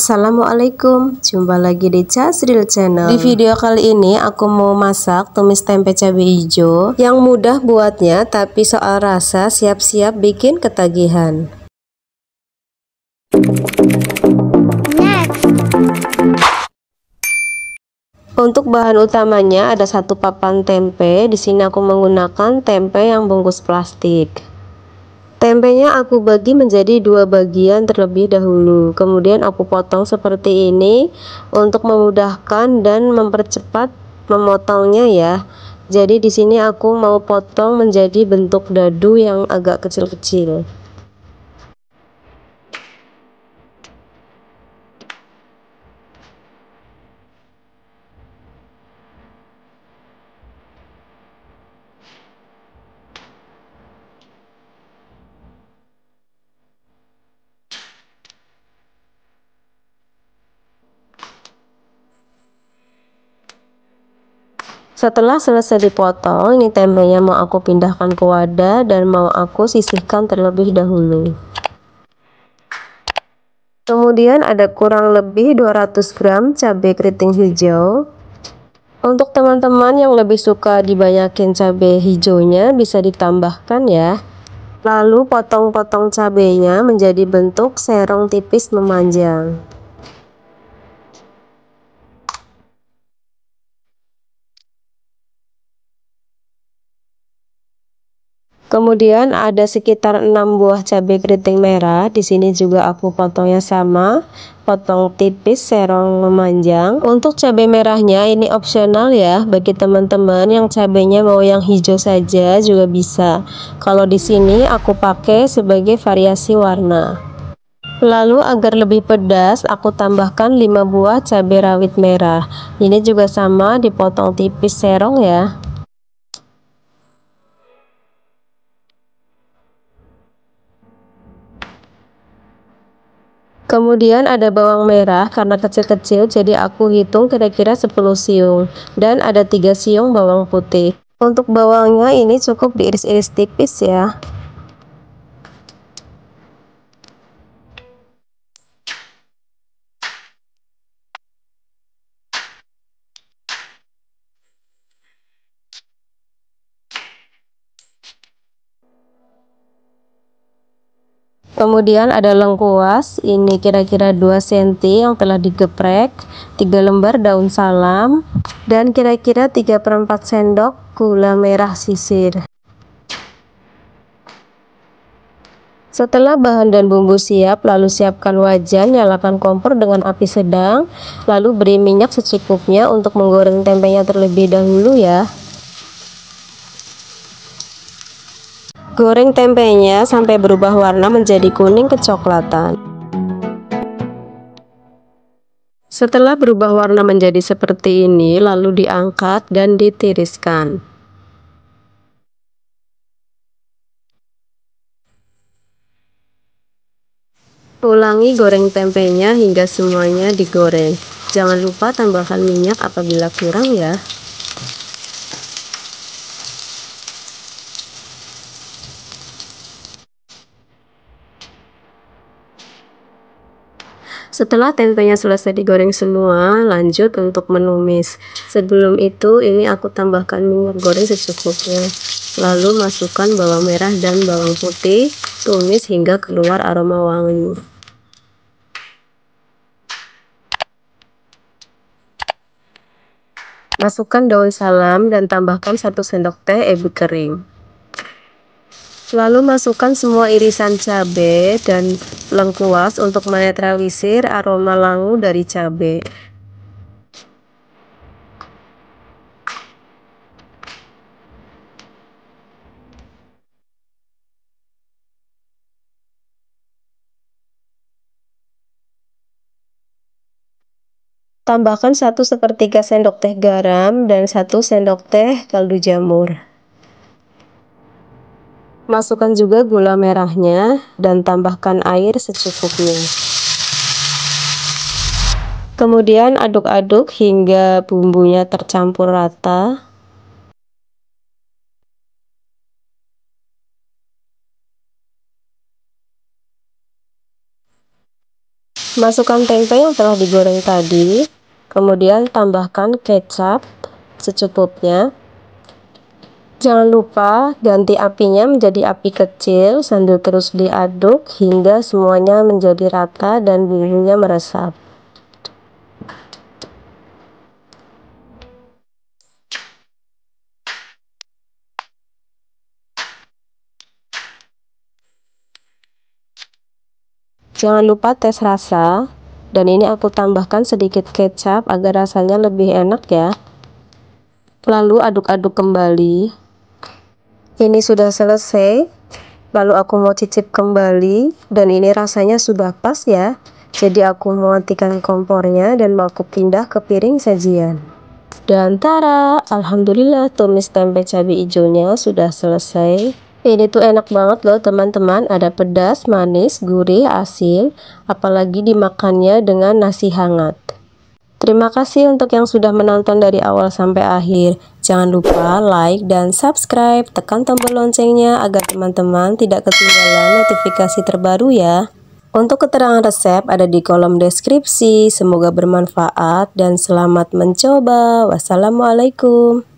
Assalamualaikum, jumpa lagi di Casril Channel Di video kali ini aku mau masak tumis tempe cabai hijau Yang mudah buatnya tapi soal rasa siap-siap bikin ketagihan Untuk bahan utamanya ada satu papan tempe. Di sini aku menggunakan tempe yang bungkus plastik. Tempenya aku bagi menjadi dua bagian terlebih dahulu. Kemudian aku potong seperti ini untuk memudahkan dan mempercepat memotongnya ya. Jadi di sini aku mau potong menjadi bentuk dadu yang agak kecil-kecil. setelah selesai dipotong ini tempenya mau aku pindahkan ke wadah dan mau aku sisihkan terlebih dahulu kemudian ada kurang lebih 200 gram cabai keriting hijau untuk teman-teman yang lebih suka dibanyakin cabai hijaunya bisa ditambahkan ya lalu potong-potong cabainya menjadi bentuk serong tipis memanjang Kemudian ada sekitar 6 buah cabai keriting merah. Di sini juga aku potongnya sama, potong tipis serong memanjang. Untuk cabai merahnya ini opsional ya bagi teman-teman yang cabainya mau yang hijau saja juga bisa. Kalau di sini aku pakai sebagai variasi warna. Lalu agar lebih pedas, aku tambahkan 5 buah cabai rawit merah. Ini juga sama dipotong tipis serong ya. Kemudian ada bawang merah karena kecil-kecil jadi aku hitung kira-kira 10 siung dan ada 3 siung bawang putih. Untuk bawangnya ini cukup diiris-iris tipis ya. kemudian ada lengkuas ini kira-kira 2 cm yang telah digeprek 3 lembar daun salam dan kira-kira 3 perempat sendok gula merah sisir Setelah bahan dan bumbu siap, lalu siapkan wajan, nyalakan kompor dengan api sedang, lalu beri minyak secukupnya untuk menggoreng tempenya terlebih dahulu ya. Goreng tempenya sampai berubah warna menjadi kuning kecoklatan. Setelah berubah warna menjadi seperti ini, lalu diangkat dan ditiriskan. Ulangi goreng tempenya hingga semuanya digoreng. Jangan lupa tambahkan minyak apabila kurang ya. Setelah tempenya selesai digoreng semua, lanjut untuk menumis. Sebelum itu, ini aku tambahkan minyak goreng secukupnya. Lalu masukkan bawang merah dan bawang putih, tumis hingga keluar aroma wangi. Masukkan daun salam dan tambahkan 1 sendok teh ebi kering. Lalu masukkan semua irisan cabai dan lengkuas untuk menetralisir aroma langu dari cabai. Tambahkan 1 sepertiga sendok teh garam dan 1 sendok teh kaldu jamur. Masukkan juga gula merahnya dan tambahkan air secukupnya. Kemudian aduk-aduk hingga bumbunya tercampur rata. Masukkan tempe yang telah digoreng tadi, kemudian tambahkan kecap secukupnya Jangan lupa ganti apinya menjadi api kecil sambil terus diaduk hingga semuanya menjadi rata dan bumbunya meresap. Jangan lupa tes rasa dan ini aku tambahkan sedikit kecap agar rasanya lebih enak ya. Lalu aduk-aduk kembali ini sudah selesai lalu aku mau cicip kembali dan ini rasanya sudah pas ya jadi aku mau matikan kompornya dan mau aku pindah ke piring sajian dan tara alhamdulillah tumis tempe cabai hijaunya sudah selesai ini tuh enak banget loh teman-teman, ada pedas, manis, gurih, asin, apalagi dimakannya dengan nasi hangat. Terima kasih untuk yang sudah menonton dari awal sampai akhir. Jangan lupa like dan subscribe, tekan tombol loncengnya agar teman-teman tidak ketinggalan notifikasi terbaru ya. Untuk keterangan resep ada di kolom deskripsi, semoga bermanfaat dan selamat mencoba. Wassalamualaikum.